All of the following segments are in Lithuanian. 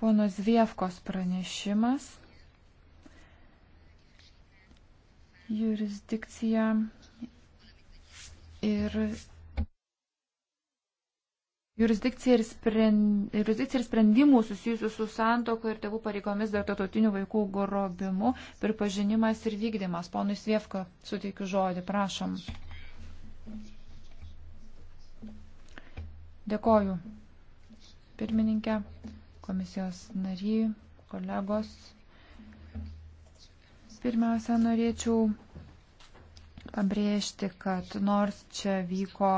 Ponos Vievkos pranešimas. Jurisdikcija ir Jurisdikcija ir, sprend, jurisdikcija ir sprendimų susijusių su santoko ir tėvų pareigomis dėl tautotinių vaikų grobimu, pripažinimas ir vykdymas. Ponui Svievka, suteikiu žodį, prašom. Dėkoju. Pirmininkė, komisijos nariai, kolegos. Pirmiausia, norėčiau pabrėžti, kad nors čia vyko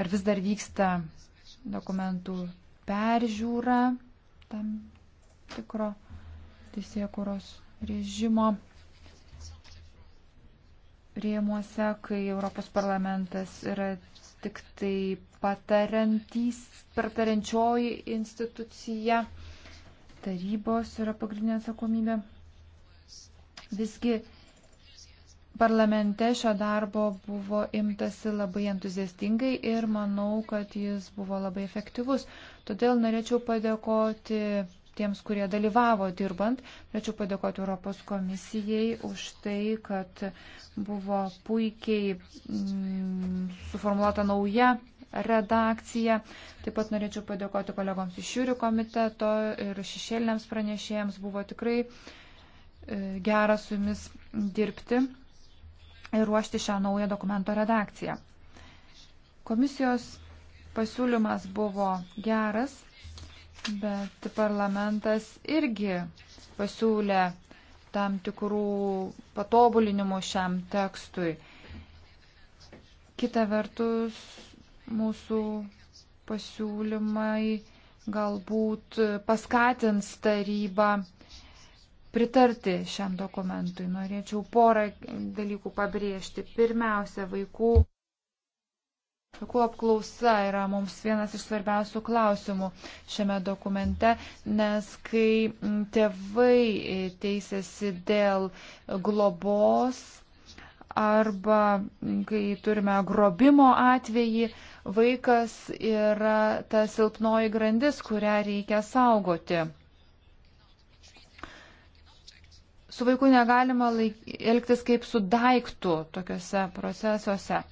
ir vis dar vyksta dokumentų peržiūra tam tikro teisėkuros režimo rėmuose, kai Europos parlamentas yra tik tai patariančioji institucija, tarybos yra pagrindinė atsakomybė. Visgi parlamente šio darbo buvo imtasi labai entuziastingai ir manau, kad jis buvo labai efektyvus. Todėl norėčiau padėkoti tiems, kurie dalyvavo dirbant. Norėčiau padėkoti Europos komisijai už tai, kad buvo puikiai mm, suformuoluota nauja redakcija. Taip pat norėčiau padėkoti kolegoms iš jūrių komiteto ir šešėliniams pranešėjams. Buvo tikrai e, gera su jumis dirbti ir ruošti šią naują dokumento redakciją. Komisijos pasiūlymas buvo geras Bet parlamentas irgi pasiūlė tam tikrų patobulinimų šiam tekstui. Kita vertus, mūsų pasiūlymai galbūt paskatins tarybą pritarti šiam dokumentui. Norėčiau porą dalykų pabrėžti. Pirmiausia, vaikų Vaikų apklausa yra mums vienas iš svarbiausių klausimų šiame dokumente, nes kai tėvai e, teisėsi dėl globos arba kai turime grobimo atvejį, vaikas yra ta silpnoji grandis, kurią reikia saugoti. Su vaiku negalima laik, elgtis kaip su daiktu tokiuose procesuose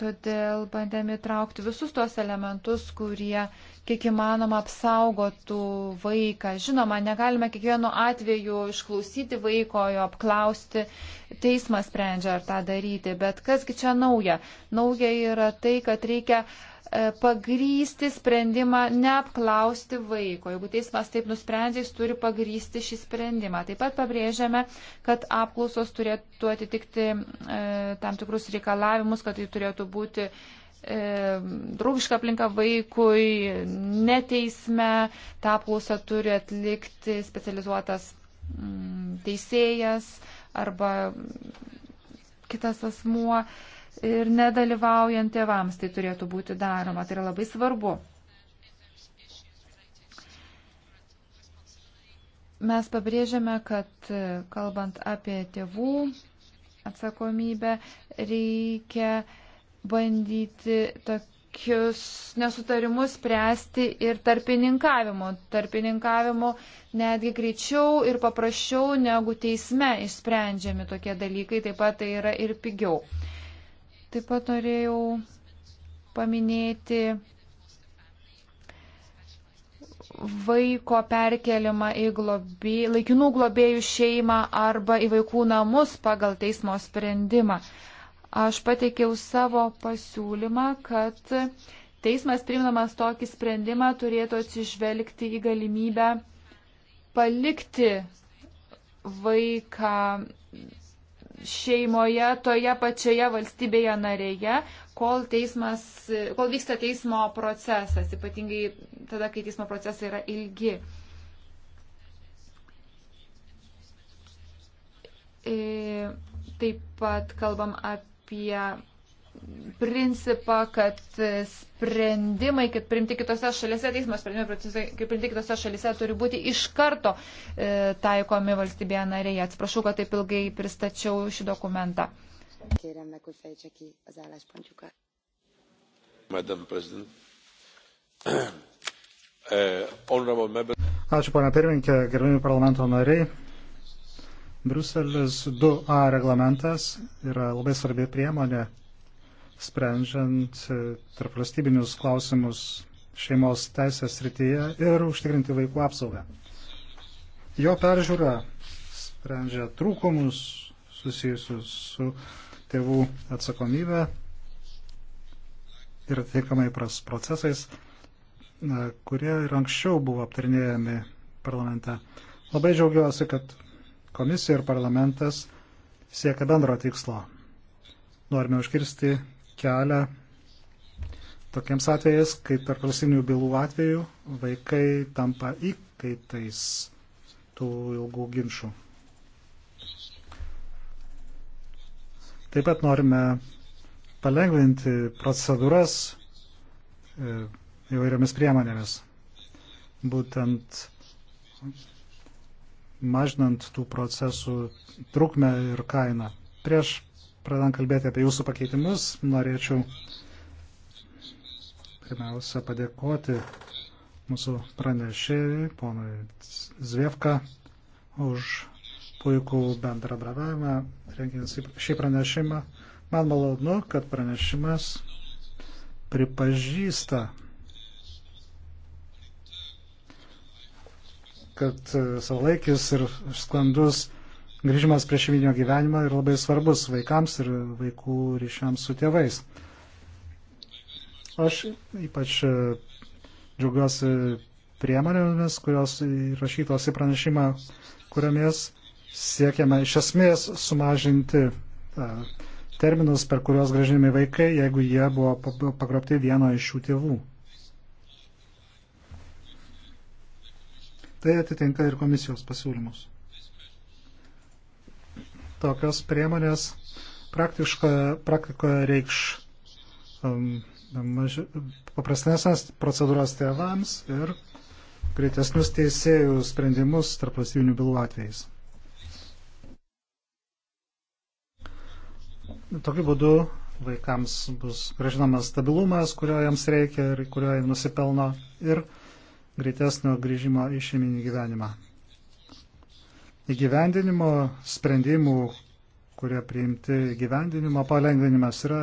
Todėl bandėme įtraukti visus tuos elementus, kurie kiek įmanoma apsaugotų vaiką. Žinoma, negalime kiekvienu atveju išklausyti vaiko, jo apklausti. Teismas sprendžia, ar tą daryti. Bet kasgi čia nauja? Nauja yra tai, kad reikia E, pagrysti sprendimą neapklausti vaiko. Jeigu teismas taip nusprendžia, jis turi pagrysti šį sprendimą. Taip pat pabrėžiame, kad apklausos turėtų atitikti e, tam tikrus reikalavimus, kad tai turėtų būti e, draugiška aplinka vaikui, neteisme, tą apklausą turi atlikti specializuotas mm, teisėjas arba kitas asmuo. E, ir nedalyvaujant tėvams tai turėtų būti daroma. Tai yra labai svarbu. Mes pabrėžiame, kad e, kalbant apie tėvų atsakomybę, reikia bandyti tokius nesutarimus spręsti ir tarpininkavimo. Tarpininkavimo netgi greičiau ir paprasčiau negu teisme išsprendžiami tokie dalykai, taip pat tai yra ir pigiau. Taip pat norėjau paminėti vaiko perkelimą į globė, laikinų globėjų šeimą arba į vaikų namus pagal teismo sprendimą. Aš pateikiau savo pasiūlymą, kad teismas priimdamas tokį sprendimą turėtų atsižvelgti į galimybę palikti vaiką šeimoje toje pačioje valstybėje narėje, kol, teismas, kol vyksta teismo procesas, ypatingai tada, kai teismo procesai yra ilgi. E, taip pat kalbam apie principą, kad sprendimai, kad priimti kitose šalise, teismo sprendimai, kaip priimti kitose šalise, turi būti iš karto e, taikomi valstybėje narėje. Atsiprašau, kad taip ilgai pristačiau šį dokumentą. Eh, Ačiū, ponia pirmininkė, gerbimi parlamento nariai. Bruselis 2A reglamentas yra labai svarbi priemonė sprendžiant e, tarp valstybinius klausimus šeimos teisės srityje ir užtikrinti vaikų apsaugą. Jo peržiūra sprendžia trūkumus susijusius su tėvų atsakomybė ir tinkamai procesais, kurie ir anksčiau buvo aptarinėjami parlamente. Labai džiaugiuosi, kad komisija ir parlamentas siekia bendro tikslo. Norime užkirsti kelią tokiems atvejais, kaip per valstybinių bylų atveju, vaikai tampa įkaitais tų ilgų ginčių. Taip pat norime palengvinti procedūras e, įvairiomis priemonėmis, būtent mažinant tų procesų trukmę ir kainą. Prieš pradant kalbėti apie jūsų pakeitimus, norėčiau pirmiausia padėkoti mūsų pranešėjai, ponui Zviefka, už puikų bendradarbiavimą, rengiant šį pranešimą. Man malonu, kad pranešimas pripažįsta, kad e, savalaikis ir sklandus Grįžimas prie šeiminio gyvenimo yra labai svarbus vaikams ir vaikų ryšiams su tėvais. Aš ypač e, džiaugiuosi priemonėmis, kurios įrašytos į pranešimą, kuriamis siekiame iš esmės sumažinti e, terminus, per kuriuos gražinami vaikai, jeigu jie buvo pagrobti vieno iš šių tėvų. Tai atitinka ir komisijos pasiūlymus tokios priemonės praktikoje reikš um, maž... paprastesnės procedūros tėvams ir greitesnius teisėjų sprendimus tarp valstybinių bylų atvejais. Tokiu būdu vaikams bus gražinamas stabilumas, kurio jiems reikia ir kurio jie nusipelno ir greitesnio grįžimo į šeiminį gyvenimą. Įgyvendinimo sprendimų, kurie priimti įgyvendinimo palengvinimas yra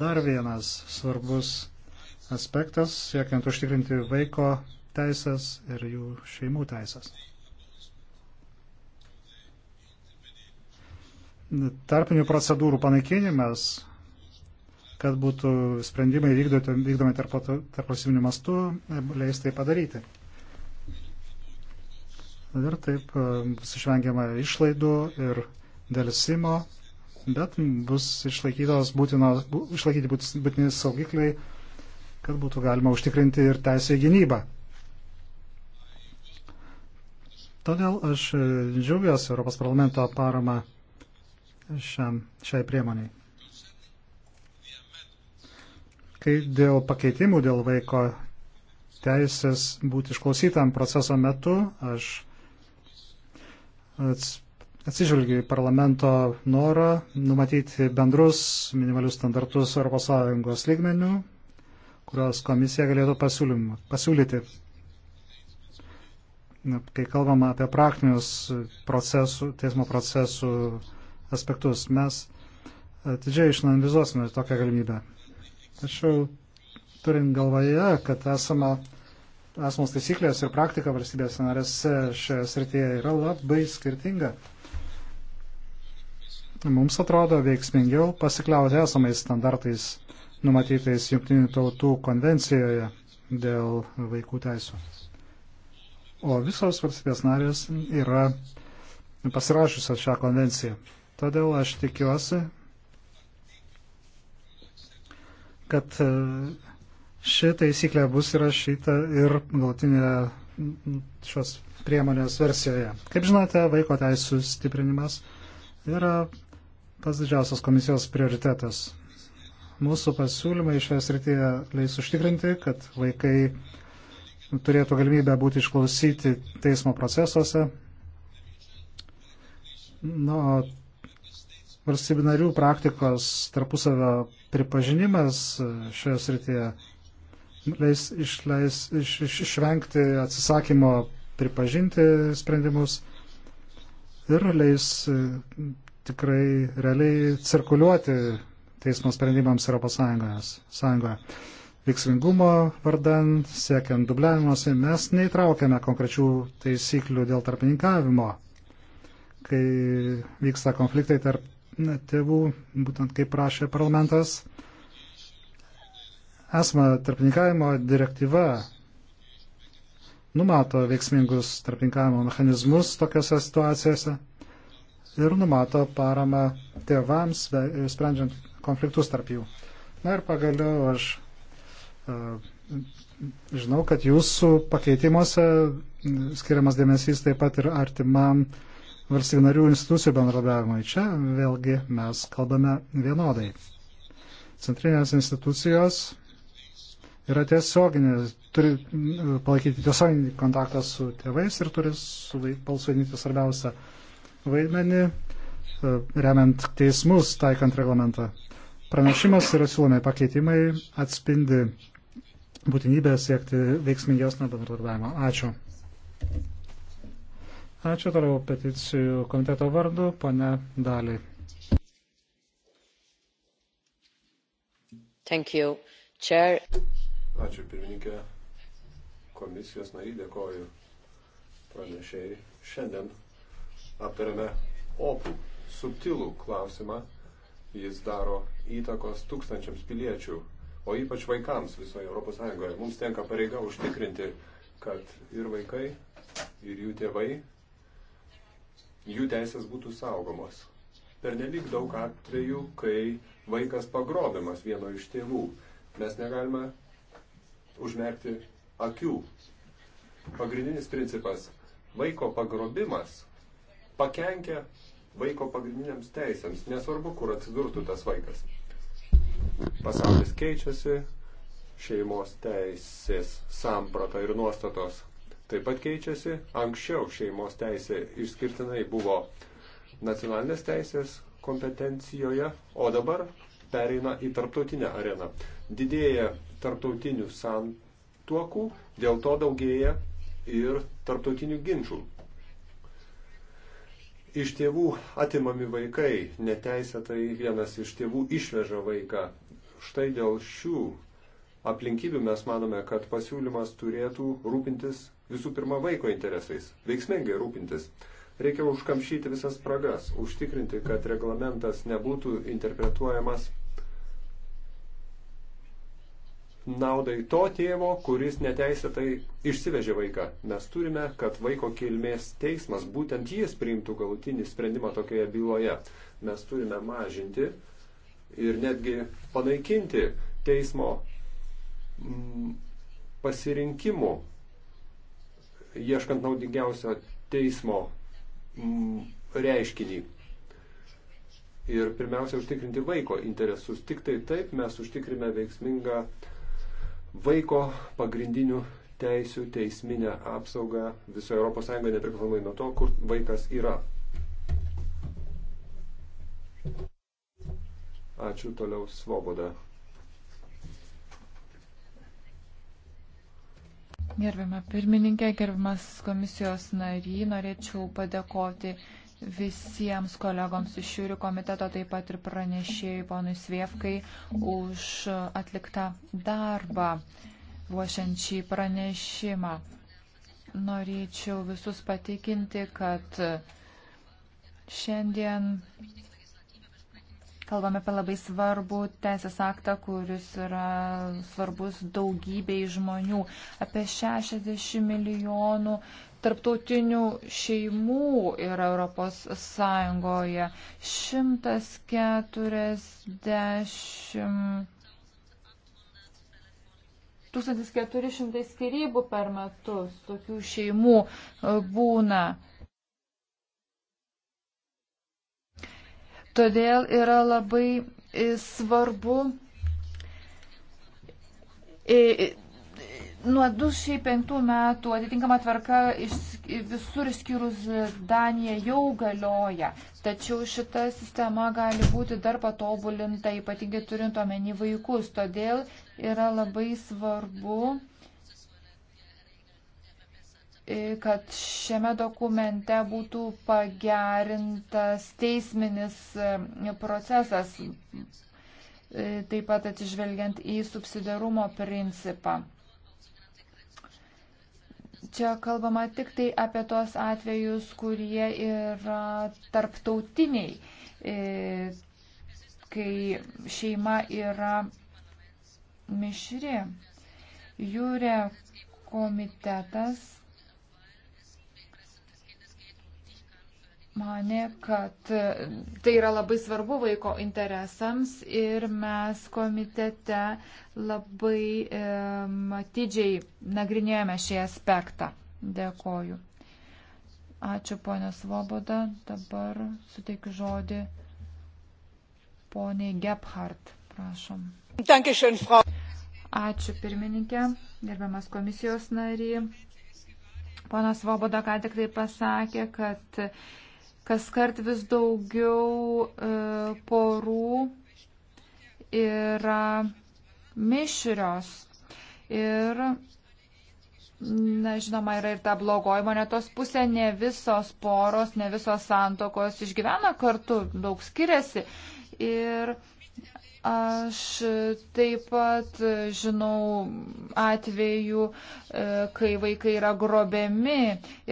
dar vienas svarbus aspektas, siekiant užtikrinti vaiko teisės ir jų šeimų teisės. Tarpinių procedūrų panaikinimas, kad būtų sprendimai vykdomi tarp valstybinių mastų, leis tai padaryti. Ir taip e, bus išvengiama išlaidų ir dėlsimo, bet bus išlaikytos būtinos, išlaikyti būtini saugikliai, kad būtų galima užtikrinti ir teisę į gynybą. Todėl aš e, džiaugiuosi Europos parlamento parama šiam, šiai priemoniai. Kai dėl pakeitimų dėl vaiko teisės būti išklausytam proceso metu, aš atsižvelgiu į parlamento norą numatyti bendrus minimalius standartus ES lygmenių, kurios komisija galėtų pasiūlyti. Kai kalbama apie praktinius procesų, teismo procesų aspektus, mes atidžiai išanalizuosime tokią galimybę. Tačiau turint galvoje, kad esama esamos taisyklės ir praktika valstybės narėse šioje srityje yra labai skirtinga. Mums atrodo veiksmingiau pasikliauti esamais standartais numatytais Junktinių tautų konvencijoje dėl vaikų teisų. O visos valstybės narės yra pasirašusios šią konvenciją. Todėl aš tikiuosi, kad Ši taisyklė bus įrašyta ir galutinėje šios priemonės versijoje. Kaip žinote, vaiko teisų stiprinimas yra pats didžiausias komisijos prioritetas. Mūsų pasiūlymai šioje srityje leis užtikrinti, kad vaikai turėtų galimybę būti išklausyti teismo procesuose. Nu, valstybinarių praktikos tarpusavio pripažinimas šioje srityje leis išleis, iš, iš, išvengti atsisakymo pripažinti sprendimus ir leis e, tikrai realiai cirkuliuoti teismo sprendimams ES sąjungoje. Vyksmingumo vardan, siekiant dubliavimuose, mes neįtraukėme konkrečių taisyklių dėl tarpininkavimo, kai vyksta konfliktai tarp tėvų, būtent kaip prašė parlamentas Esama tarpininkavimo direktyva numato veiksmingus tarpininkavimo mechanizmus tokiuose situacijose ir numato paramą tėvams, sprendžiant konfliktus tarp jų. Na ir pagaliau aš uh, žinau, kad jūsų pakeitimuose skiriamas dėmesys taip pat ir artimam valstybinarių institucijų bendradarbiavimui. Čia vėlgi mes kalbame vienodai. Centrinės institucijos yra tiesioginis, turi palaikyti tiesioginį kontaktą su tėvais ir turi balsuodinti svarbiausią vaidmenį, e, remiant teismus, taikant reglamentą. Pranešimas ir siūlomi pakeitimai atspindi būtinybę siekti veiksmingesnio bendradarbiavimo. Ačiū. Ačiū toliau peticijų komiteto vardu, pane Daliai. Thank you. Chair. Ačiū pirmininkė komisijos nariai, dėkoju pranešėjai. Šiandien aptarėme opų subtilų klausimą. Jis daro įtakos tūkstančiams piliečių, o ypač vaikams visoje ES. Mums tenka pareiga užtikrinti, kad ir vaikai, ir jų tėvai, jų teisės būtų saugomos. Per nelik daug atvejų, kai vaikas pagrobimas vieno iš tėvų, mes negalime užmerkti akių. Pagrindinis principas - vaiko pagrobimas pakenkia vaiko pagrindiniams teisėms, nesvarbu, kur atsidurtų tas vaikas. Pasaulis keičiasi, šeimos teisės samprata ir nuostatos taip pat keičiasi. Anksčiau šeimos teisė išskirtinai buvo nacionalinės teisės kompetencijoje, o dabar pereina į tarptautinę areną. Didėja tarptautinių santuokų, dėl to daugėja ir tarptautinių ginčių. Iš tėvų atimami vaikai, neteisėtai vienas iš tėvų išveža vaiką. Štai dėl šių aplinkybių mes manome, kad pasiūlymas turėtų rūpintis visų pirma vaiko interesais, veiksmingai rūpintis. Reikia užkamšyti visas spragas, užtikrinti, kad reglamentas nebūtų interpretuojamas naudai to tėvo, kuris neteisėtai išsivežė vaiką. Mes turime, kad vaiko kilmės teismas, būtent jis priimtų galutinį sprendimą tokioje byloje. Mes turime mažinti ir netgi panaikinti teismo mm, pasirinkimų, ieškant naudingiausio teismo mm, reiškinį ir pirmiausia užtikrinti vaiko interesus. Tik tai taip mes užtikrime veiksmingą vaiko pagrindinių teisių teisminę apsaugą visoje ES nepriklausomai nuo to, kur vaikas yra. Ačiū toliau svoboda. Gerbima pirmininkė, gerbimas komisijos nary, norėčiau padėkoti visiems kolegoms iš šiurių komiteto, taip pat ir pranešėjai ponui Svievkai už atliktą darbą ruošiant šį pranešimą. Norėčiau visus patikinti, kad šiandien kalbame apie labai svarbų teisės aktą, kuris yra svarbus daugybei žmonių. Apie 60 milijonų tarptautinių šeimų yra Europos Sąjungoje. 140. 1400 skirybų per metus tokių šeimų e, būna. Todėl yra labai e, svarbu e, Nuo 2005 metų atitinkama tvarka iš, visur išskyrus Daniją jau galioja, tačiau šita sistema gali būti dar patobulinta, ypatingai turint omeny vaikus. Todėl yra labai svarbu, e, kad šiame dokumente būtų pagerintas teisminis e, procesas, e, taip pat atsižvelgiant į subsidarumo principą čia kalbama tik tai apie tos atvejus, kurie yra tarptautiniai, e, kai šeima yra mišri. Jūrė komitetas mane, kad e, tai yra labai svarbu vaiko interesams ir mes komitete labai e, matydžiai nagrinėjome šį aspektą. Dėkoju. Ačiū ponė Svoboda. Dabar suteikiu žodį poniai Gebhardt. Prašom. Ačiū pirmininkė, gerbiamas komisijos nary. Ponas Svoboda ką tik tai pasakė, kad kas kart vis daugiau e, porų yra mišrios. Ir, na, žinoma, yra ir ta blogoji monetos pusė, ne visos poros, ne visos santokos išgyvena kartu, daug skiriasi. Ir Aš taip pat žinau atvejų, e, kai vaikai yra grobiami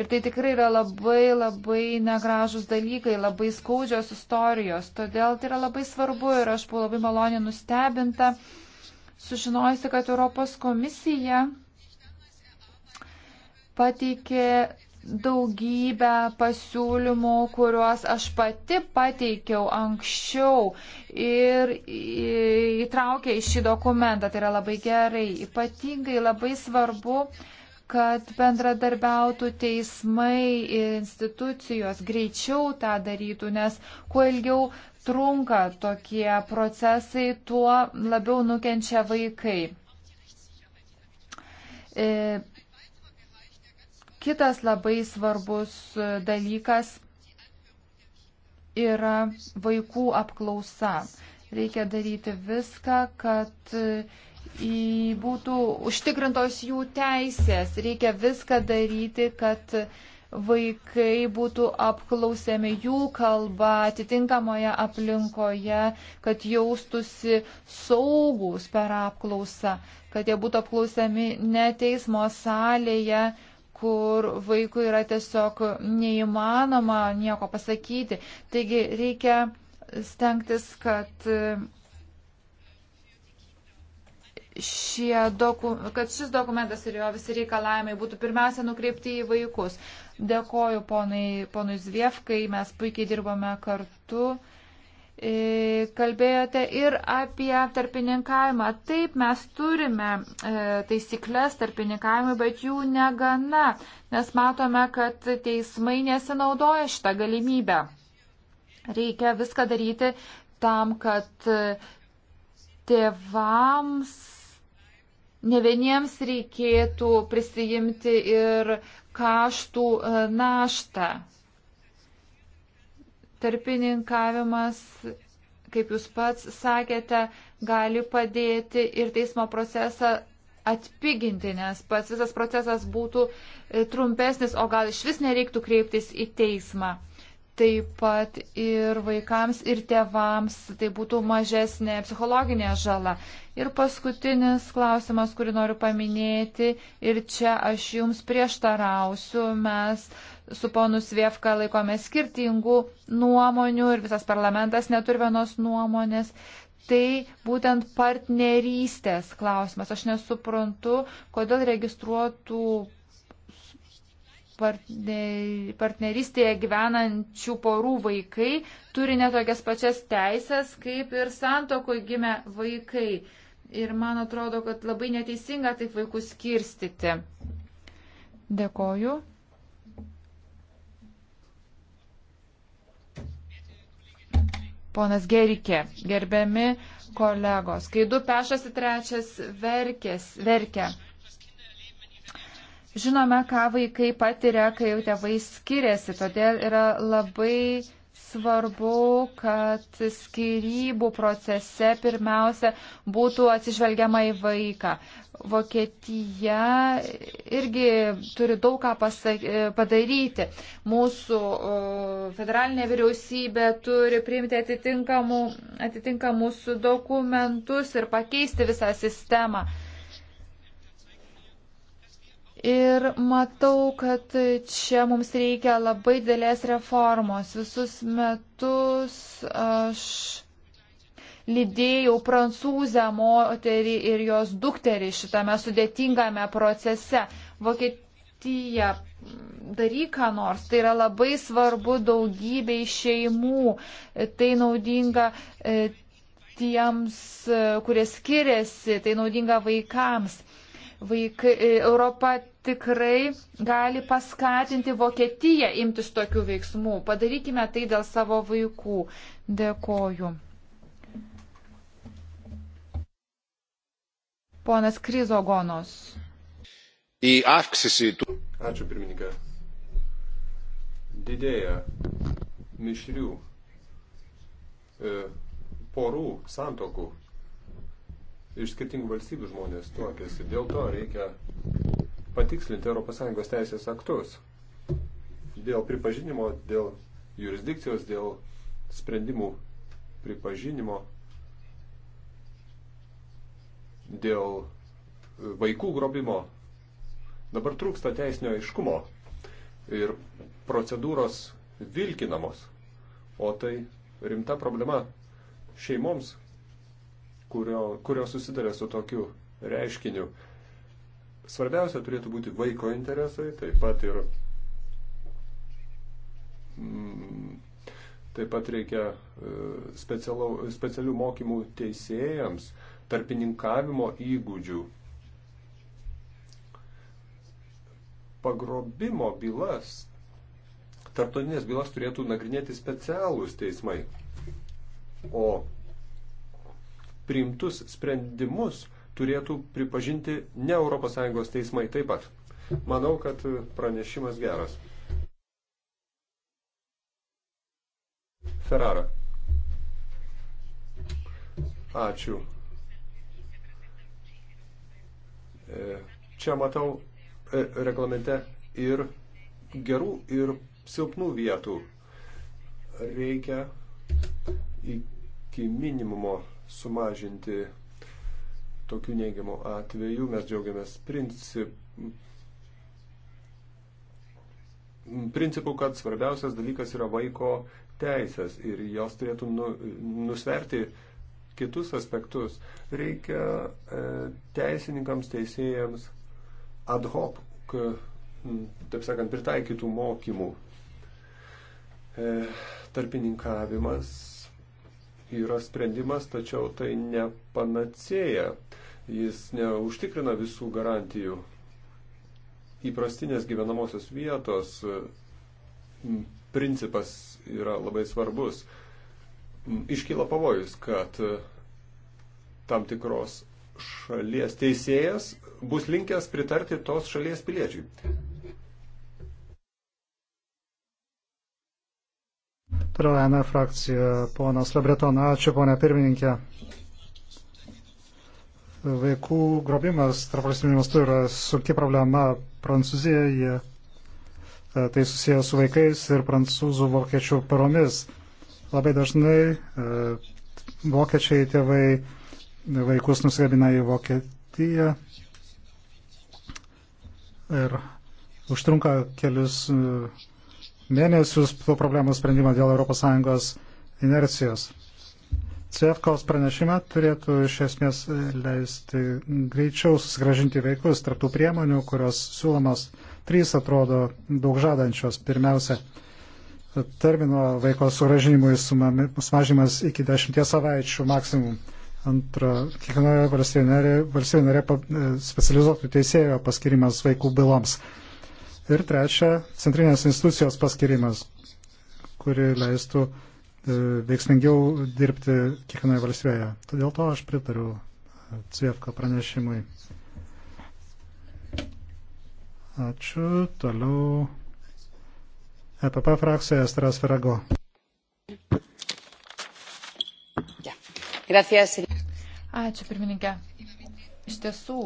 ir tai tikrai yra labai labai negražus dalykai, labai skaudžios istorijos. Todėl tai yra labai svarbu ir aš buvau labai maloniai nustebinta, sužinojusi, kad Europos komisija pateikė daugybę pasiūlymų, kuriuos aš pati pateikiau anksčiau ir įtraukė į šį dokumentą. Tai yra labai gerai. Ypatingai labai svarbu, kad bendradarbiautų teismai ir institucijos greičiau tą darytų, nes kuo ilgiau trunka tokie procesai, tuo labiau nukenčia vaikai. E, Kitas labai svarbus e, dalykas yra vaikų apklausa. Reikia daryti viską, kad e, būtų užtikrintos jų teisės. Reikia viską daryti, kad vaikai būtų apklausiami jų kalba atitinkamoje aplinkoje, kad jaustusi saugus per apklausą, kad jie būtų apklausiami ne teismo salėje, kur vaikui yra tiesiog neįmanoma nieko pasakyti. Taigi reikia stengtis, kad, e, doku, kad šis dokumentas ir jo visi reikalavimai būtų pirmiausia nukreipti į vaikus. Dėkoju ponai, ponui Zviefkai, mes puikiai dirbome kartu. E, kalbėjote ir apie tarpininkavimą. Taip, mes turime e, taisyklės tarpininkavimui, bet jų negana, nes matome, kad teismai nesinaudoja šitą galimybę. Reikia viską daryti tam, kad e, tėvams ne vieniems reikėtų prisijimti ir kaštų naštą tarpininkavimas, kaip jūs pats sakėte, gali padėti ir teismo procesą atpiginti, nes pats visas procesas būtų e, trumpesnis, o gal iš vis nereiktų kreiptis į teismą taip pat ir vaikams, ir tėvams, tai būtų mažesnė psichologinė žala. Ir paskutinis klausimas, kurį noriu paminėti, ir čia aš jums prieštarausiu, mes su ponu Svievka laikome skirtingų nuomonių ir visas parlamentas neturi vienos nuomonės. Tai būtent partnerystės klausimas. Aš nesuprantu, kodėl registruotų partnerystėje gyvenančių porų vaikai turi netokias pačias teisės, kaip ir santokoje gimę vaikai. Ir man atrodo, kad labai neteisinga taip vaikus skirstyti. Dėkoju. Ponas Gerikė, gerbiami kolegos, kai du pešasi trečias verkės, verkia. Žinome, ką vaikai patiria, kai jau tėvai skiriasi, todėl yra labai svarbu, kad skirybų procese pirmiausia būtų atsižvelgiama į vaiką. Vokietija irgi turi daug ką padaryti. Mūsų federalinė vyriausybė turi priimti atitinkamus dokumentus ir pakeisti visą sistemą. Ir matau, kad čia mums reikia labai dėlės reformos. Visus metus aš lydėjau prancūzę moterį ir jos dukterį šitame sudėtingame procese. Vokietija daryk ką nors, tai yra labai svarbu daugybei šeimų, tai naudinga e, tiems, e, kurie skiriasi, tai naudinga vaikams. Vaikai, e, Europa tikrai gali paskatinti Vokietiją imtis tokių veiksmų. Padarykime tai dėl savo vaikų. Dėkoju. Ponas Krizogonos. Į aksisį tų. Ačiū pirmininkė. Didėja mišrių e, porų santokų iš skirtingų valstybių žmonės tuokėsi. Dėl to reikia patikslinti ES teisės aktus dėl pripažinimo, dėl jurisdikcijos, dėl sprendimų pripažinimo, dėl e, vaikų grobimo. Dabar trūksta teisinio aiškumo ir procedūros vilkinamos, o tai rimta problema šeimoms, kurio, kurio susidarė su tokiu reiškiniu. Svarbiausia turėtų būti vaiko interesai, taip pat ir mm, taip pat reikia e, specialau, specialių mokymų teisėjams, tarpininkavimo įgūdžių. Pagrobimo bylas, tarptautinės bylas turėtų nagrinėti specialūs teismai, o priimtus sprendimus turėtų pripažinti ne ES teismai taip pat. Manau, kad pranešimas geras. Ferrara. Ačiū. E, čia matau e, reglamente ir gerų, ir silpnų vietų. Reikia iki minimumo sumažinti tokių neigiamų atvejų. Mes džiaugiamės princip... principų, kad svarbiausias dalykas yra vaiko teisės ir jos turėtų nu, nusverti kitus aspektus. Reikia e, teisininkams, teisėjams ad hoc, taip sakant, pritaikytų mokymų. E, tarpininkavimas yra sprendimas, tačiau tai nepanacėja. Jis neužtikrina visų garantijų. Įprastinės gyvenamosios vietos principas yra labai svarbus. Iškyla pavojus, kad tam tikros šalies teisėjas bus linkęs pritarti tos šalies piliečiui. Toliau ENA frakcija, ponas Lebretona, ačiū ponia pirmininkė. Vaikų grobimas tarpvalstybiniu mastu yra sunki problema Prancūzijoje. E, tai susijęs su vaikais ir prancūzų vokiečių paromis. Labai dažnai e, vokiečiai tėvai vaikus nusigabina į Vokietiją ir užtrunka kelius mėnesius tų problemų sprendimą dėl ES inercijos. CFKOS pranešime turėtų iš esmės leisti greičiau susigražinti vaikus tarptų priemonių, kurios siūlomos trys atrodo daug žadančios. Pirmiausia, termino vaiko sugražinimui sumažimas iki dešimties savaičių maksimum. Antra, kiekvienoje valstybėje narė e, specializuotų teisėjo paskirimas vaikų byloms. Ir trečia, centrinės institucijos paskirimas, kuri leistų e, veiksmingiau dirbti kiekvienoje valstybėje. Todėl to aš pritariu e, Cievko pranešimui. Ačiū. Toliau EPP frakcija Estras Ferago. Ačiū, pirmininkė. Iš tiesų,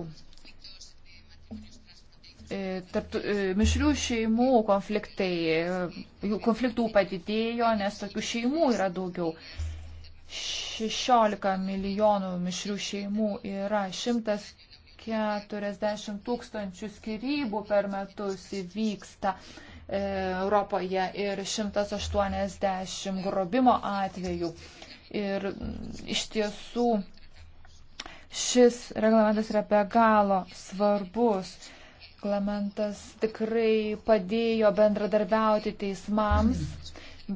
E, tarp e, mišrių šeimų konfliktai, e, jų konfliktų padidėjo, nes tokių šeimų yra daugiau. 16 milijonų mišrių šeimų yra 140 tūkstančių skirybų per metus įvyksta e, Europoje ir 180 grobimo atvejų. Ir mm, iš tiesų šis reglamentas yra be galo svarbus. E, reglamentas tikrai padėjo bendradarbiauti teismams,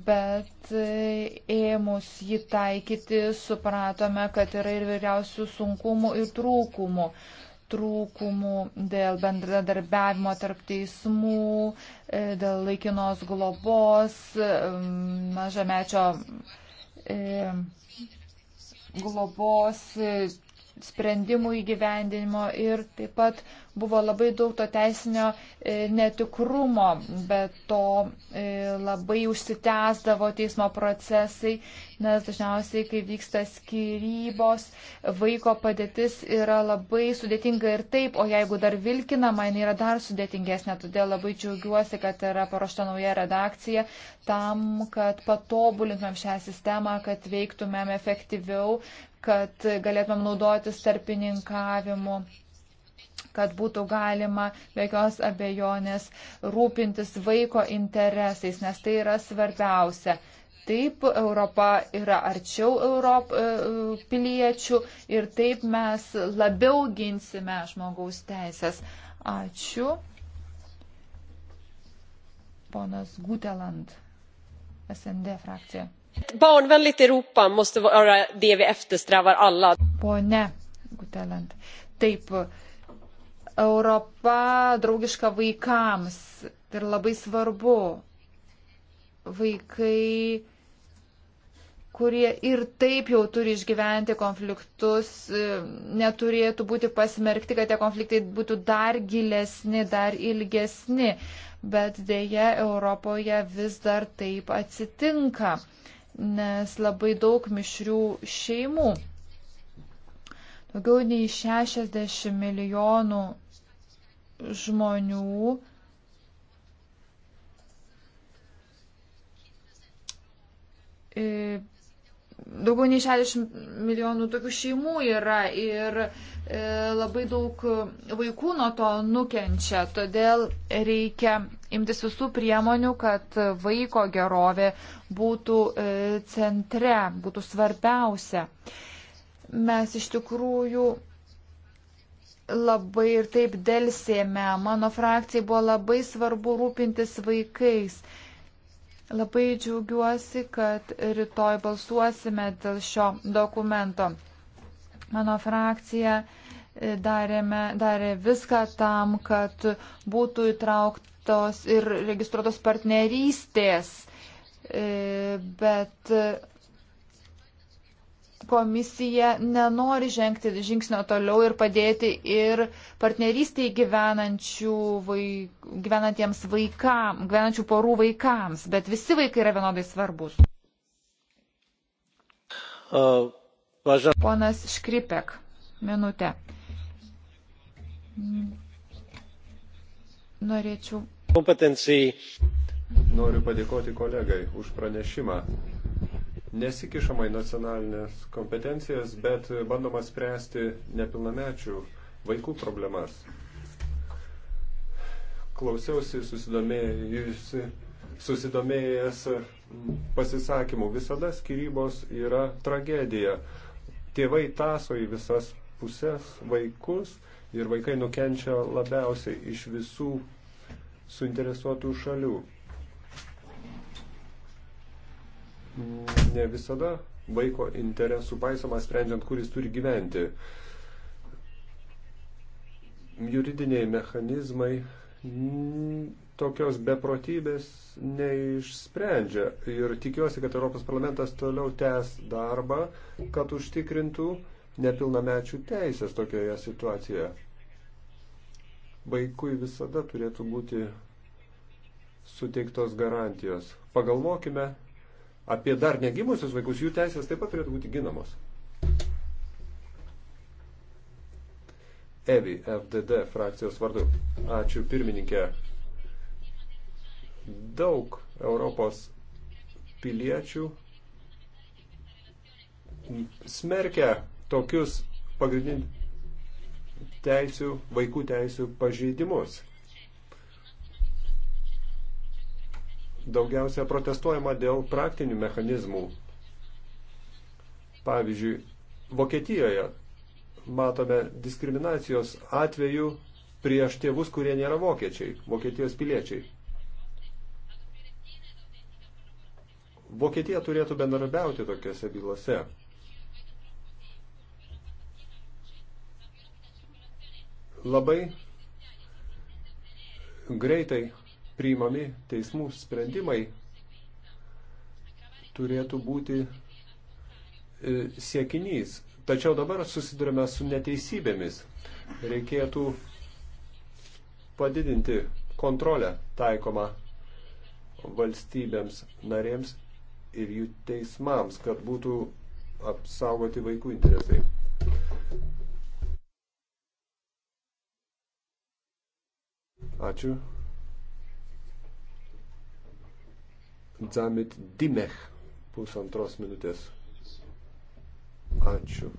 bet e, ėmus jį taikyti supratome, kad yra ir vyriausių sunkumų ir trūkumų. Trūkumų dėl bendradarbiavimo tarp teismų, e, dėl laikinos globos, e, mažamečio globos sprendimų įgyvendinimo ir taip pat buvo labai daug to teisinio e, netikrumo, bet to e, labai užsitęsdavo teismo procesai, nes dažniausiai, kai vyksta skirybos, vaiko padėtis yra labai sudėtinga ir taip, o jeigu dar vilkinama, jinai yra dar sudėtingesnė, todėl labai džiaugiuosi, kad yra paruošta nauja redakcija tam, kad patobulintumėm šią sistemą, kad veiktumėm efektyviau, kad galėtumėm naudotis tarpininkavimu kad būtų galima be jokios abejonės rūpintis vaiko interesais, nes tai yra svarbiausia. Taip, Europa yra arčiau Europ, e, piliečių ir taip mes labiau ginsime žmogaus teisės. Ačiū. Ponas Guteland, SND frakcija. Pone Gutelant, taip, Europa draugiška vaikams ir labai svarbu. Vaikai, kurie ir taip jau turi išgyventi konfliktus, neturėtų būti pasmerkti, kad tie konfliktai būtų dar gilesni, dar ilgesni. Bet dėja Europoje vis dar taip atsitinka nes labai daug mišrių šeimų. Daugiau nei 60 milijonų žmonių daugiau nei 60 milijonų tokių šeimų yra ir e, labai daug vaikų nuo to nukenčia. Todėl reikia imtis visų priemonių, kad vaiko gerovė būtų e, centre, būtų svarbiausia. Mes iš tikrųjų labai ir taip dėlsėme. Mano frakcijai buvo labai svarbu rūpintis vaikais. E, Labai džiaugiuosi, kad rytoj balsuosime dėl šio dokumento. Mano frakcija e, darėme, darė viską tam, kad būtų įtrauktos ir registruotos partnerystės, e, bet komisija nenori žengti žingsnio toliau ir padėti ir partnerystėje vaik, gyvenantiems vaikams, gyvenančių porų vaikams, bet visi vaikai yra vienodai svarbus. Uh, važa... Ponas Škripek, minutė. Norėčiau. Kompetencijai. Noriu padėkoti kolegai už pranešimą nesikišama į nacionalinės kompetencijas, bet bandoma spręsti nepilnamečių vaikų problemas. Klausiausi susidomėjusi, susidomėjęs pasisakymų. Visada skirybos yra tragedija. Tėvai taso į visas pusės vaikus ir vaikai nukenčia labiausiai iš visų suinteresuotų šalių ne visada vaiko interesų paisoma sprendžiant, kuris turi gyventi. Juridiniai mechanizmai tokios beprotybės neišsprendžia. Ir tikiuosi, kad Europos parlamentas toliau tęs darbą, kad užtikrintų nepilnamečių teisės tokioje situacijoje. Vaikui visada turėtų būti suteiktos garantijos. Pagalvokime apie dar negimusius vaikus, jų teisės taip pat turėtų būti ginamos. Evi, FDD frakcijos vardu. Ačiū pirmininkė. Daug Europos piliečių smerkia tokius pagrindinių teisių, vaikų teisių pažeidimus. daugiausia protestuojama dėl praktinių mechanizmų. Pavyzdžiui, Vokietijoje matome diskriminacijos atvejų prieš tėvus, kurie nėra vokiečiai, Vokietijos piliečiai. Vokietija turėtų bendrabiauti tokiuose bylose. Labai greitai priimami teismų sprendimai turėtų būti e, siekinys. Tačiau dabar susidurime su neteisybėmis. Reikėtų padidinti kontrolę taikomą valstybėms narėms ir jų teismams, kad būtų apsaugoti vaikų interesai. Ačiū. Zamit Dimech pusantros minutės. Ačiū.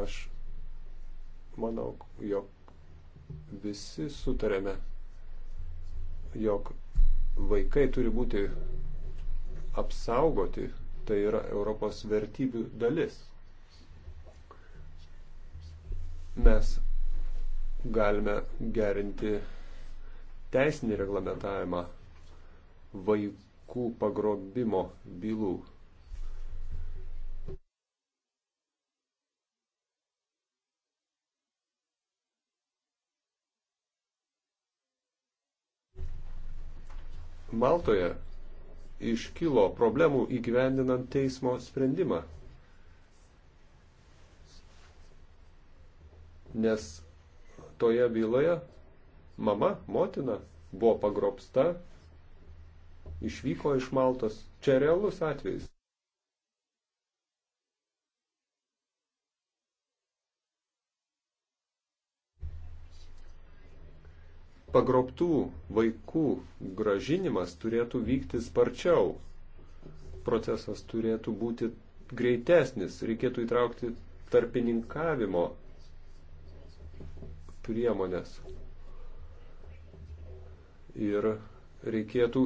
Aš manau, jog visi sutarėme, jog vaikai turi būti apsaugoti, tai yra Europos vertybių dalis. Mes galime gerinti teisinį reglamentavimą vaikų pagrobimo bylų. Maltoje iškilo problemų įgyvendinant teismo sprendimą. Nes toje byloje mama, motina buvo pagrobsta, išvyko iš Maltos. Čia realus atvejis. Pagrobtų vaikų gražinimas turėtų vykti sparčiau. Procesas turėtų būti greitesnis. Reikėtų įtraukti tarpininkavimo priemonės ir reikėtų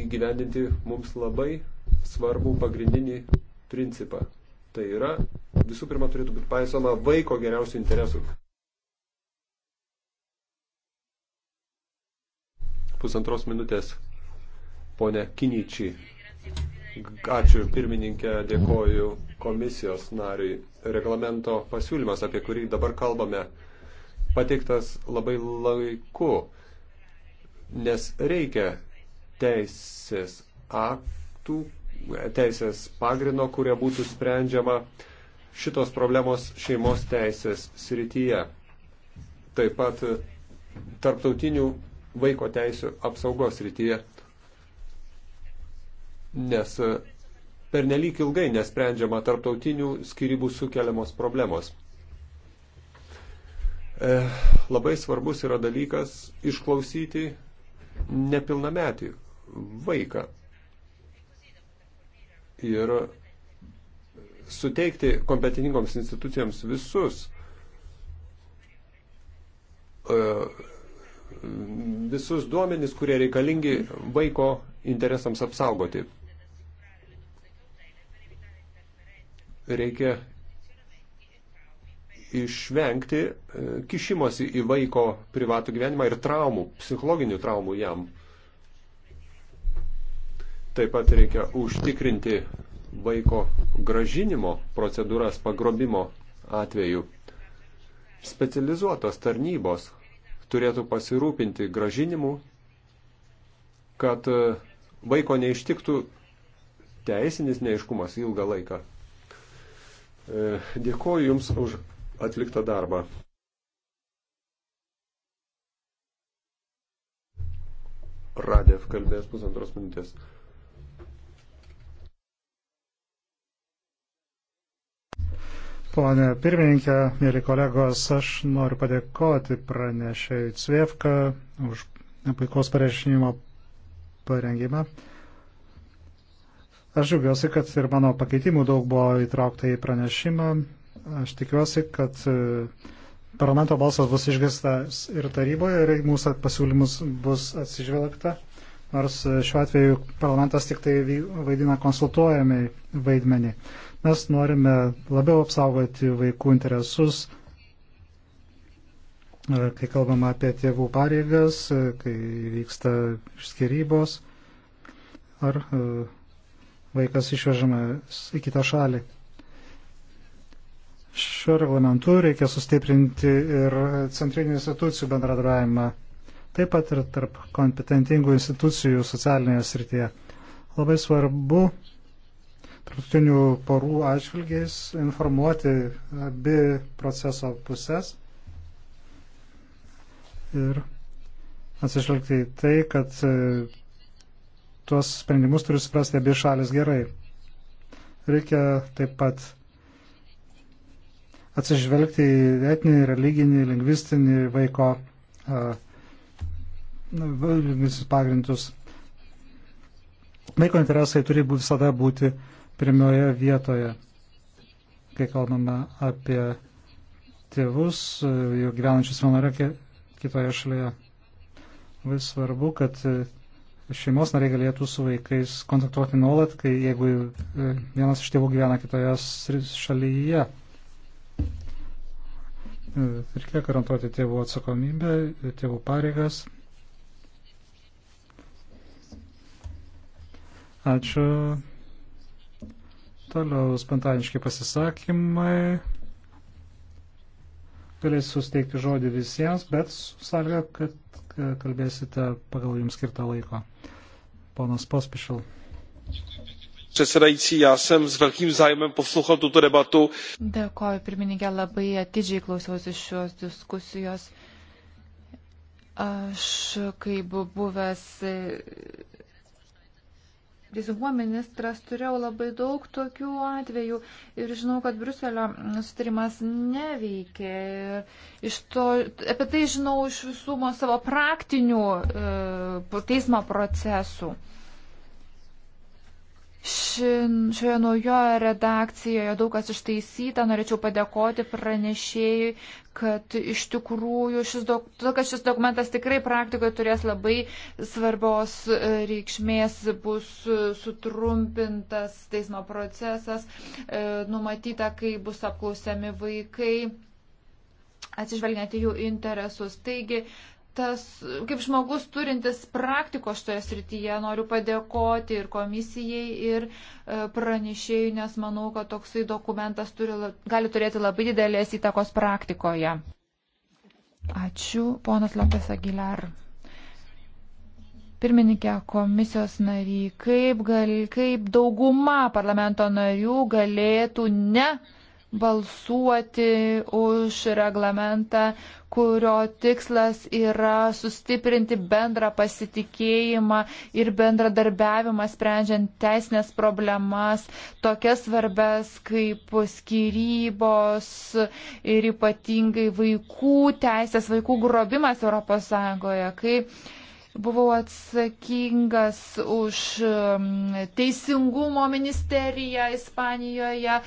įgyvendinti mums labai svarbų pagrindinį principą. Tai yra, visų pirma, turėtų būti paisoma vaiko geriausių interesų. Pusantros minutės, ponė Kiničiai. Ačiū pirmininkė, dėkoju komisijos nariui. Reglamento pasiūlymas, apie kurį dabar kalbame, pateiktas labai laiku nes reikia teisės aktų, teisės pagrindo, kurie būtų sprendžiama šitos problemos šeimos teisės srityje. Taip pat tarptautinių vaiko teisų apsaugos srityje. Nes pernelyg ilgai nesprendžiama tarptautinių skirybų sukeliamos problemos. E, labai svarbus yra dalykas išklausyti nepilnametį vaiką ir suteikti kompetentingoms institucijoms visus e, visus duomenys, kurie reikalingi vaiko interesams apsaugoti. Reikia išvengti e, kišimosi į vaiko privatų gyvenimą ir traumų, psichologinių traumų jam. Taip pat reikia užtikrinti vaiko gražinimo procedūras pagrobimo atveju. Specializuotos tarnybos turėtų pasirūpinti gražinimu, kad e, vaiko neištiktų teisinis neiškumas ilgą laiką. E, dėkoju Jums už atliktą darbą. Radev kalbės pusantros minutės. Pone pirmininkė, mėly kolegos, aš noriu padėkoti pranešėjui Cvievka už puikos pareišinimo parengimą. Aš žiūrėsiu, kad ir mano pakeitimų daug buvo įtraukta į pranešimą. Aš tikiuosi, kad e, parlamento balsas bus išgirstas ir taryboje ir mūsų pasiūlymus bus atsižvelgta. Nors e, šiuo atveju parlamentas tik tai vaidina konsultuojami vaidmenį. Mes norime labiau apsaugoti vaikų interesus, e, kai kalbam apie tėvų pareigas, kai vyksta skirybos ar vaikas išvežama į kitą šalį. Šiuo reglamentu reikia sustiprinti ir centrinių institucijų bendradarbiavimą, taip pat ir tarp kompetentingų institucijų socialinėje srityje. Labai svarbu tarptautinių porų atžvilgiais informuoti abi proceso pusės ir atsižvelgti į tai, kad e, tuos sprendimus turi suprasti abi šalis gerai. Reikia taip pat atsižvelgti į etinį, religinį, lingvistinį vaiko lingvistinius pagrindus. Vaiko interesai turi būti visada būti pirmioje vietoje, kai kalbame apie tėvus, jų gyvenančius vienoje kitoje šalyje. Vis svarbu, kad šeimos nariai galėtų su vaikais kontaktuoti nuolat, kai jeigu e, vienas iš tėvų gyvena kitoje šalyje reikia garantuoti tėvų atsakomybę, tėvų pareigas. Ačiū. Toliau spontaniški pasisakymai. Galėsiu susteikti žodį visiems, bet sąlyga, kad kalbėsite pagal jums skirtą laiko. Ponas Pospišil. Thank you předsedající já jsem s velkým zájmem poslouchal tuto debatu. Dėkoju, pirmininkė, labai atidžiai klausiausi šios diskusijos. Aš, kai buvau buvęs e, Teisingumo ministras turėjau labai daug tokių atvejų ir žinau, kad Bruselio sutarimas neveikia. Ir iš to, apie tai žinau iš visų savo praktinių e, teismo procesų. E, Ši, šioje naujoje redakcijoje daug kas ištaisyta. Norėčiau padėkoti pranešėjui, kad iš tikrųjų šis, dok, kad šis dokumentas tikrai praktikoje turės labai svarbios e, reikšmės, bus e, sutrumpintas teismo procesas, e, numatyta, kai bus apklausiami vaikai atsižvelgiant į jų interesus. Taigi tas, kaip žmogus turintis praktiko šitoje srityje, noriu padėkoti ir komisijai, ir e, pranešėjai, nes manau, kad toksai dokumentas turi, gali turėti labai didelės įtakos praktikoje. Ačiū, ponas Lopes Aguilar. Pirmininkė komisijos nariai, kaip, gal, kaip dauguma parlamento narių galėtų ne balsuoti už reglamentą, kurio tikslas yra sustiprinti bendrą pasitikėjimą ir bendradarbiavimą sprendžiant teisinės problemas, tokias svarbes kaip skirybos ir ypatingai vaikų teisės, vaikų grobimas ES, kai Buvau atsakingas už um, teisingumo ministeriją Ispanijoje,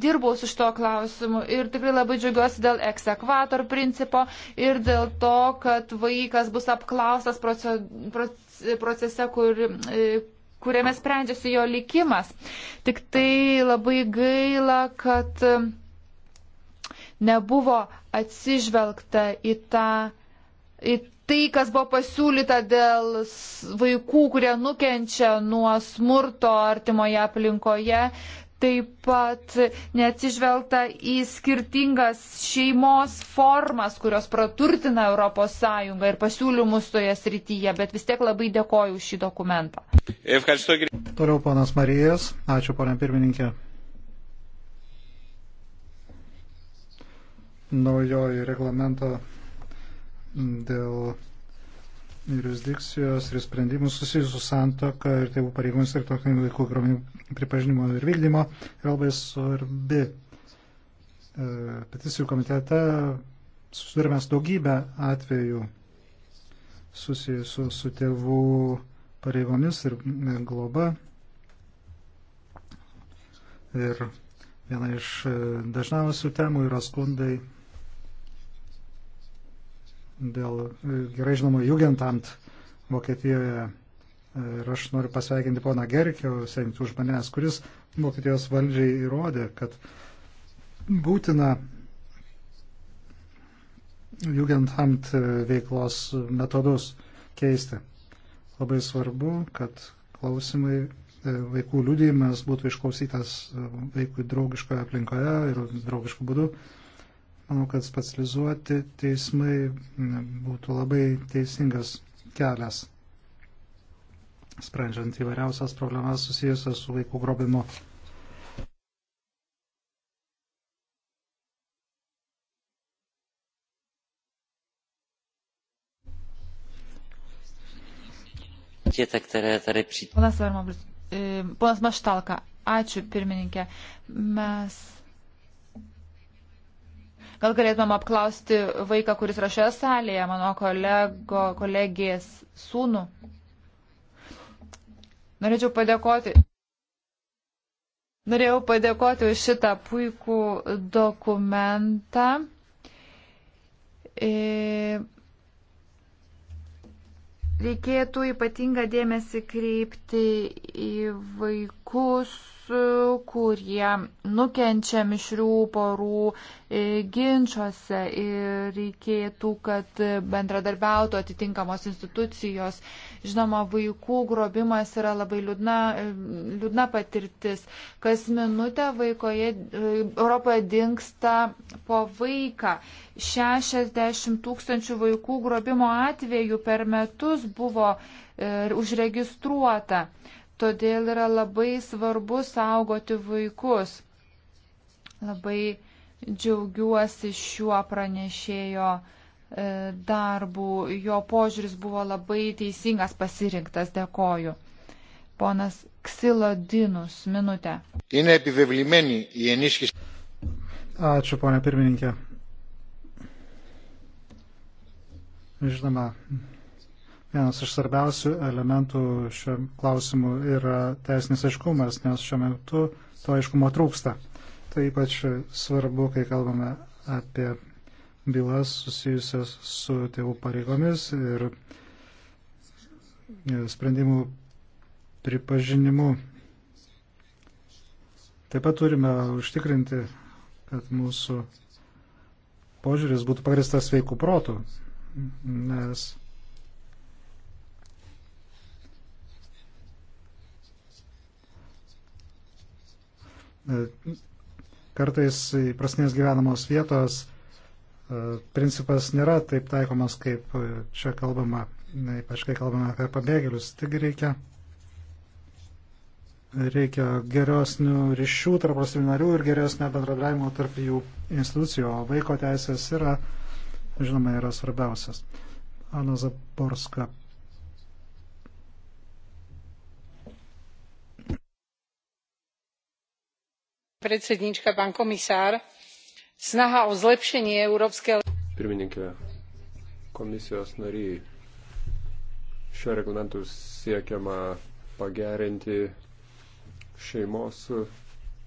dirbau su šito klausimu ir tikrai labai džiugiuosi dėl eksekvator principo ir dėl to, kad vaikas bus apklaustas procese, kur e, kuriame sprendžiasi jo likimas. Tik tai labai gaila, kad um, nebuvo atsižvelgta į tą, į tai, kas buvo pasiūlyta dėl vaikų, kurie nukenčia nuo smurto artimoje aplinkoje, taip pat neatsižvelgta į skirtingas šeimos formas, kurios praturtina ES ir pasiūlymus toje srityje, bet vis tiek labai dėkoju už šį dokumentą. Toliau ponas Marijas, ačiū ponė pirmininkė. Naujoji reglamento dėl jurisdikcijos ir sprendimų susijusių su santoka ir tėvų pareigomis ir tokių vaikų pripažinimo ir vykdymo yra labai svarbi. E, peticijų komitete susidurime su daugybę atvejų susijusių su tėvų pareigomis ir e, globa. Ir viena iš e, dažniausių temų yra skundai dėl e, gerai žinomo Jugendamt Vokietijoje. E, ir aš noriu pasveikinti poną Gerkio, sėdintį už manęs, kuris Vokietijos valdžiai įrodė, kad būtina Jugendamt e, veiklos metodus keisti. Labai svarbu, kad klausimai vaikų liudijimas būtų išklausytas vaikui draugiškoje aplinkoje ir draugišku būdu. Manau, kad specializuoti teismai būtų labai teisingas kelias, sprendžiant įvairiausias problemas susijusias su vaikų grobimu. dítěte, které tady přítomno. E, ponas Maštalka, ačiū pirmininkė. Mes Gal galėtumėm apklausti vaiką, kuris yra šioje salėje, mano kolego, kolegės sūnų. Norėčiau padėkoti. Norėjau padėkoti už šitą puikų dokumentą. E, reikėtų ypatingą dėmesį kreipti į vaikus kurie nukenčia mišrių porų e, ginčiuose ir reikėtų, kad bendradarbiautų atitinkamos institucijos. Žinoma, vaikų grobimas yra labai liūdna, e, liūdna patirtis. Kas minutę vaikoje, e, Europoje dinksta po vaiką. 60 tūkstančių vaikų grobimo atvejų per metus buvo e, užregistruota. E, Todėl yra labai svarbu saugoti vaikus. Labai džiaugiuosi šiuo pranešėjo e, darbų. Jo požiūris buvo labai teisingas pasirinktas. Dėkoju. Ponas Ksilodinus, minutė. Ačiū, ponia pirmininkė. Žinoma, Vienas iš svarbiausių elementų šiuo klausimu yra teisinis aiškumas, nes šiuo metu to aiškumo trūksta. Tai ypač svarbu, kai kalbame apie bylas susijusias su tėvų pareigomis ir e, sprendimų pripažinimu. Taip pat turime užtikrinti, kad mūsų požiūris būtų pagristas sveikų protų, nes E, kartais įprasnės gyvenamos vietos e, principas nėra taip taikomas, kaip e, čia kalbama, ypač kai kalbame apie pabėgėlius. Taigi reikia, reikia geresnių ryšių tarp narių ir geresnio bendradarbiavimo tarp jų institucijų, o vaiko teisės yra, žinoma, yra svarbiausias. Ana Zaborska Predsednička, pán komisár, snaha o zlepšenie európskeho. Pirmininkė, komisijos nariai, šio reglamentu siekiama pagerinti šeimos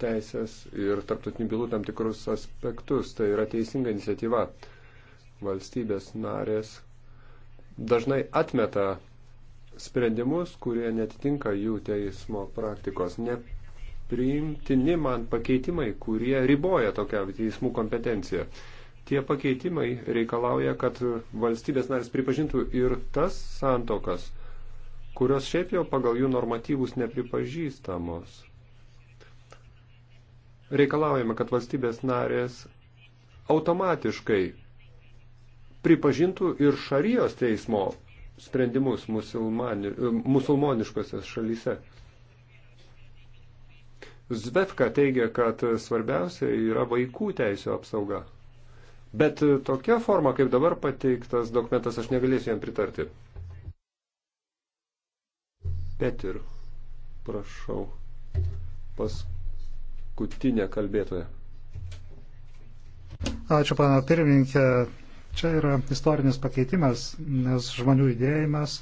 teisės ir tarptautinių bylų tam tikrus aspektus. Tai yra teisinga iniciatyva. Valstybės narės dažnai atmeta sprendimus, kurie netitinka jų teismo praktikos. Ne priimtini man pakeitimai, kurie riboja tokią teismų kompetenciją. Tie pakeitimai reikalauja, kad valstybės narės pripažintų ir tas santokas, kurios šiaip jau pagal jų normatyvus nepripažįstamos. Reikalaujame, kad valstybės narės automatiškai pripažintų ir šarijos teismo sprendimus musulmoniškose šalyse. Zvetka teigia, kad svarbiausia yra vaikų teisų apsauga. Bet tokia forma, kaip dabar pateiktas dokumentas, aš negalėsiu jam pritarti. Petir, prašau, paskutinė kalbėtoja. Ačiū, pana pirmininkė. Čia yra istorinis pakeitimas, nes žmonių judėjimas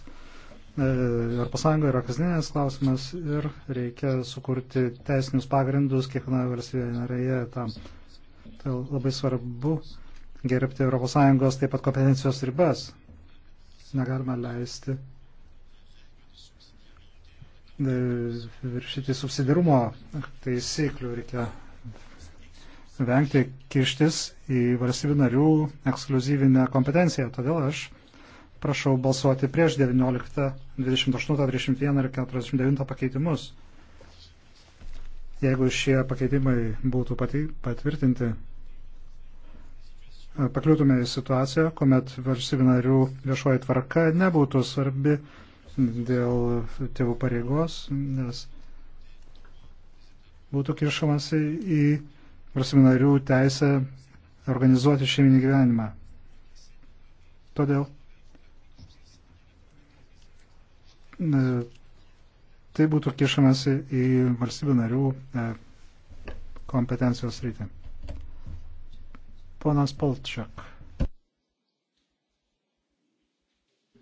E, Europos Sąjunga yra kasdienės klausimas ir reikia sukurti teisinius pagrindus kiekvienoje valstybėje narėje tam. Tai labai svarbu gerbti Europos Sąjungos taip pat kompetencijos ribas. Negalima leisti e, viršyti subsidirumo taisyklių, reikia vengti kištis į valstybių narių ekskluzyvinę kompetenciją. Todėl aš Prašau balsuoti prieš 19, 28, 31 ir 49 pakeitimus. Jeigu šie pakeitimai būtų patvirtinti, e, pakliūtume į situaciją, kuomet valstybių narių viešoji tvarka nebūtų svarbi dėl tėvų pareigos, nes būtų kiršamasi į valstybių narių teisę organizuoti šeiminį gyvenimą. Todėl tai būtų kišamasi į valstybių narių e, kompetencijos rytį. Ponas Polčak.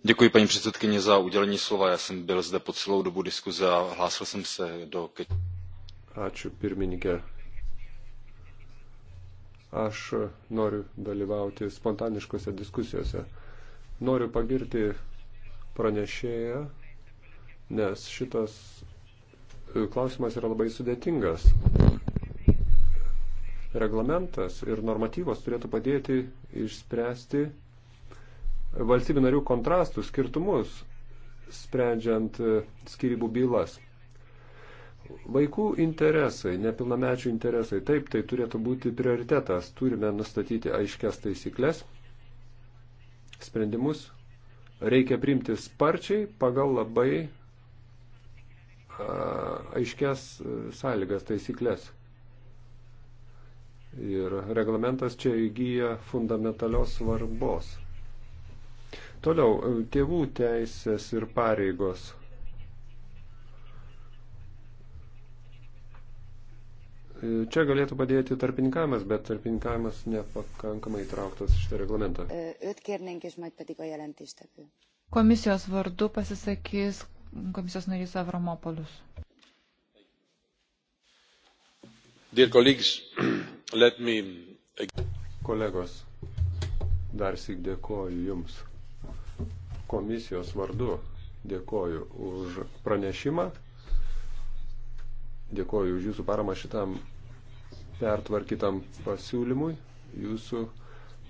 Děkuji paní předsedkyně za udělení slova. Já jsem byl zde po celou dobu diskuze a hlásil jsem se do... Ačiū pirmininkė. Aš noriu dalyvauti spontaniškose diskusijose. Noriu pagirti pranešėją nes šitas e, klausimas yra labai sudėtingas. Reglamentas ir normatyvas turėtų padėti išspręsti valstybių narių kontrastų skirtumus, sprendžiant e, skirybų bylas. Vaikų interesai, nepilnamečių interesai, taip, tai turėtų būti prioritetas. Turime nustatyti aiškias taisyklės, sprendimus reikia priimti sparčiai pagal labai aiškias sąlygas, taisyklės. Ir reglamentas čia įgyja fundamentalios svarbos. Toliau, tėvų teisės ir pareigos. Čia galėtų padėti tarpininkavimas, bet tarpininkavimas nepakankamai įtrauktas šitą reglamentą. Komisijos vardu pasisakys komisijos narys Avramopolius. Me... Kolegos, dar sik dėkoju Jums. Komisijos vardu dėkoju už pranešimą, dėkoju už Jūsų paramą šitam pertvarkytam pasiūlymui. Jūsų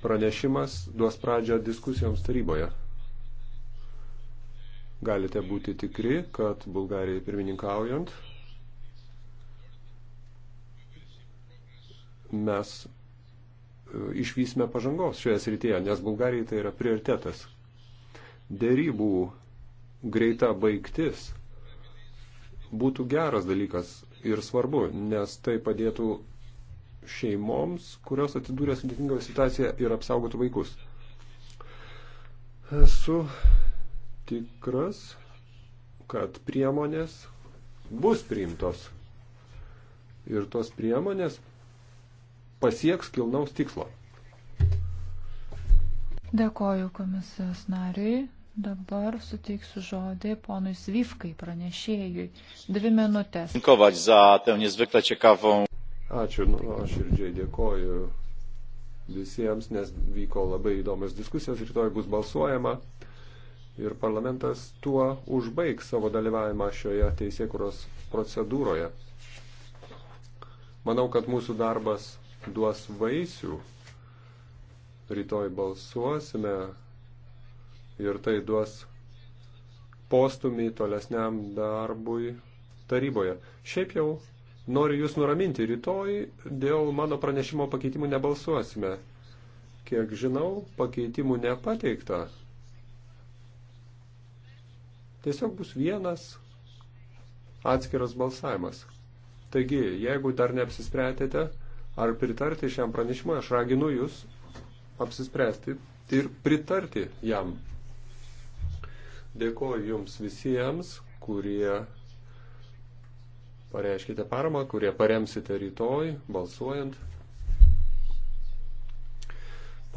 pranešimas duos pradžią diskusijoms taryboje galite būti tikri, kad Bulgarijai pirmininkaujant mes e, išvysime pažangos šioje srityje, nes Bulgarijai tai yra prioritetas. Dėrybų greita baigtis būtų geras dalykas ir svarbu, nes tai padėtų šeimoms, kurios atsidūrė sudėtingoje situacijoje ir apsaugotų vaikus. Esu tikras, kad priemonės bus priimtos. Ir tos priemonės pasieks kilnaus tikslo. Dėkoju komisijos nariui. Dabar suteiksiu žodį ponui Zvivkai pranešėjui. Dvi minutės. Ačiū, nu, aš irdžiai dėkoju visiems, nes vyko labai įdomios diskusijos, rytoj bus balsuojama ir parlamentas tuo užbaig savo dalyvavimą šioje teisėkuros procedūroje. Manau, kad mūsų darbas duos vaisių. Rytoj balsuosime ir tai duos postumį tolesniam darbui taryboje. Šiaip jau noriu Jūs nuraminti, rytoj dėl mano pranešimo pakeitimų nebalsuosime. Kiek žinau, pakeitimų nepateikta. Tiesiog bus vienas atskiras balsavimas. Taigi, jeigu dar neapsisprętėte, ar pritarti šiam pranešimui, aš raginu jūs apsispręsti ir pritarti jam. Dėkoju jums visiems, kurie pareiškite paramą, kurie paremsite rytoj balsuojant.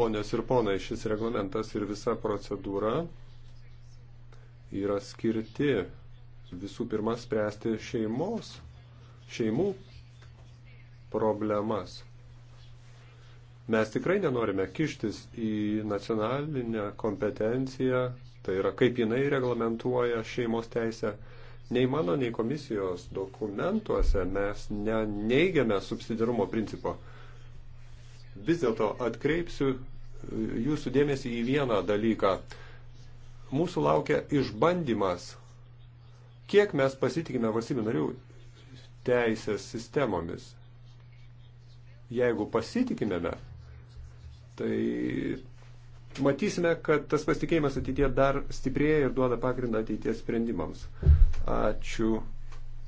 Ponios ir ponai, šis reglamentas ir visa procedūra yra skirti visų pirma spręsti šeimos, šeimų problemas. Mes tikrai nenorime kištis į nacionalinę kompetenciją, tai yra kaip jinai reglamentuoja šeimos teisę. Nei mano, nei komisijos dokumentuose mes neneigiame subsidiarumo principo. Vis dėlto atkreipsiu jūsų dėmesį į vieną dalyką mūsų laukia išbandymas, kiek mes pasitikime valstybių narių teisės sistemomis. Jeigu pasitikimėme, tai matysime, kad tas pasitikėjimas ateitie dar stiprėja ir duoda pagrindą ateities sprendimams. Ačiū.